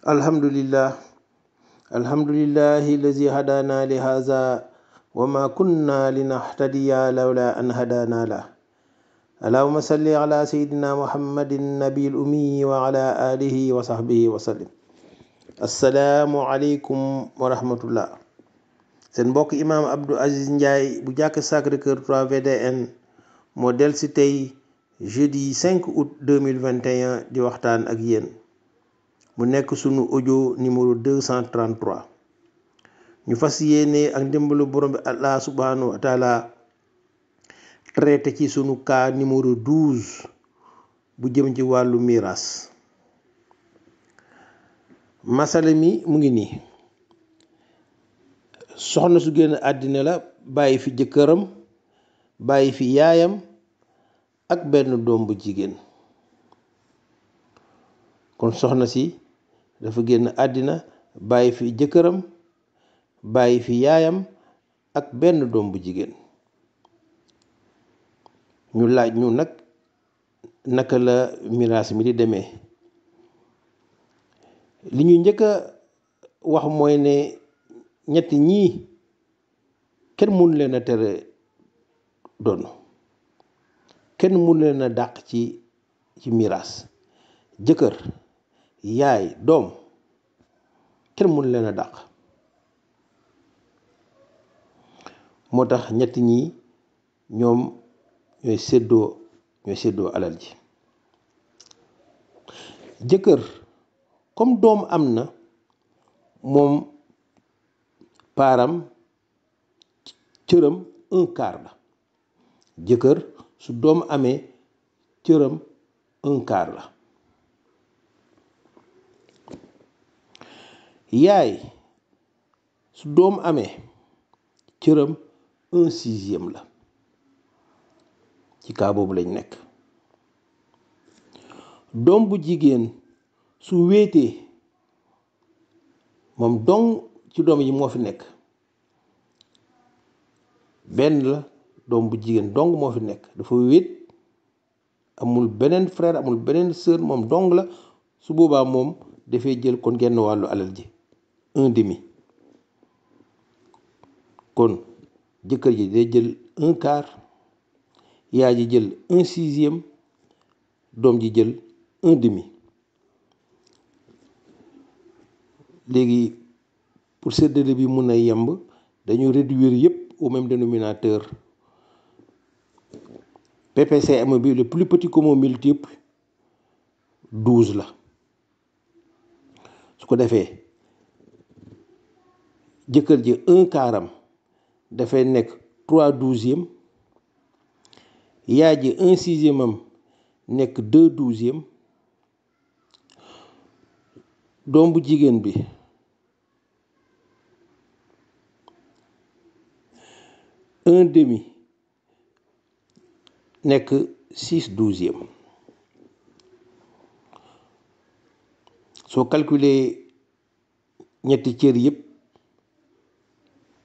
الحمد لله الحمد لله الذي هدانا لهذا وما كنا لنهتدي لولا أن هدانا له اللهم صل على سيدنا محمد النبي الأمي وعلى آله وصحبه وسلم السلام عليكم ورحمة الله سن بوك إمام عبد العزيز نجاي بجاك ساكر كرتوا Sacré-Cœur 3 VDN moo del 5 أوت 2021 دي وقتان ak mu nekk sunu audio numéro 233 ñu fas yéene ak ndimbalu borom bi allah subhanahu wa traité ci sunu cas numéro bu jëm ci wàllu miiras masale mi mu ngi nii soxna su génn àddina la bàyyi fi jëkkëram bàyyi fi yaayam ak benn doom bu jigéen kon soxna si dafa génn àddina bàyyi fi jëkkëram bàyyi fi yaayam ak benn doom bu jigéen ñu laaj ñu nag naka la miraas mi di demee li ñu njëkk a wax mooy ne ñetti ñii kenn mun leen a tere doon kenn mun leen dàq ci ci miraas jëkkër yaay doom kenn leen a dàq moo tax ñett ñi ñoom ñooy séddoo séddoo alal ji jëkkër comme doom am na moom paaram cëram un quart la jëkkër su doom amee cëram un quart la yaay su doom amee cëram un sixième la ci kaa boobu lañ nekk doom bu jigéen su wéetee moom dong ci doom yi moo fi nekk benn la doom bu jigéen dong moo fi nekk dafa wéet amul beneen frère amul beneen sœur moom dong la su boobaa moom dafay jël kon genn wàllu alal ji 1,5. Je dis que je disais 1 quart, je disais 1 sixième, je disais 1,5. Pour ces deux débits, nous avons réduit au même dénominateur. Le PPCMB le plus petit commun un multiple, 12. Qu'est-ce qu'on a fait jëkkër un quart Il dafay a trois douzième yaay un sixième am nekk deux douzième Donc vous bi un demi nekk six douzièmes. soo calculer ñetti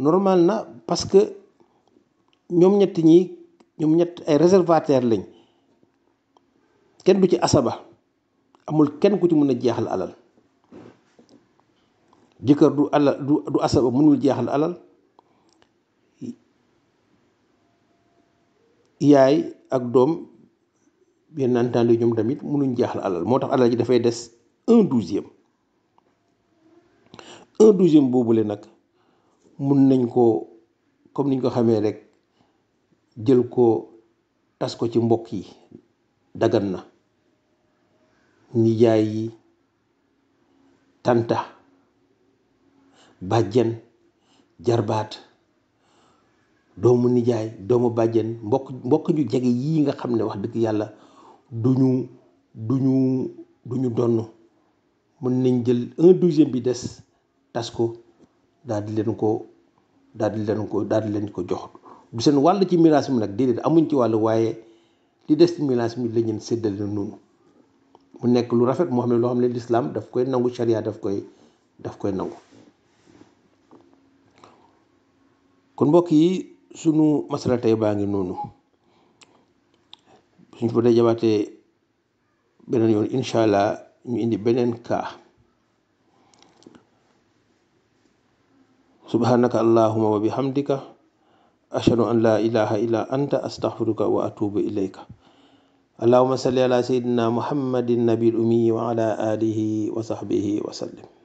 normal na parce que ñoom ñett ñi ñoom ñett ay réservataire lañ kenn du ci asaba amul kenn ku ci mën a jeexal alal jëkkër du alal du du asaba mënul jeexal alal yaay ak doom bien entendu ñoom tamit mënuñ jeexal alal moo tax alal ji dafay des un douzième un douzième boobule nag mun nañ koo comme niñ ko xamee rek jël ko tas ko ci mbokk yi dagan na nijaay yi tanta bàjjen jarbaat doomu nijaay doomu bàjjen mbokk mbokk ñu jege yi nga xam ne wax dëgg yàlla duñu duñu duñu donn mën nañ jël un douzième bi des tas ko daal di leen ko daal di leen ko daal di leen ko jox du seen wàll ci miraas mi nag déedéet amuñ ci wàll waaye li des ci miraas mi la ñeen séddale noonu mu nekk lu rafet moo xam ne loo xam ne lislaam daf koy nangu sharia daf koy daf koy nangu kon mbokk yi sunu masala tey baa ngi noonu suñ ko dee jabaatee beneen yoon incha allah ñu indi beneen kaa سبحانك اللهم وبحمدك أشهد أن لا إله إلا أنت أستغفرك وأتوب إليك اللهم صل على سيدنا محمد النبي الأمي وعلى آله وصحبه وسلم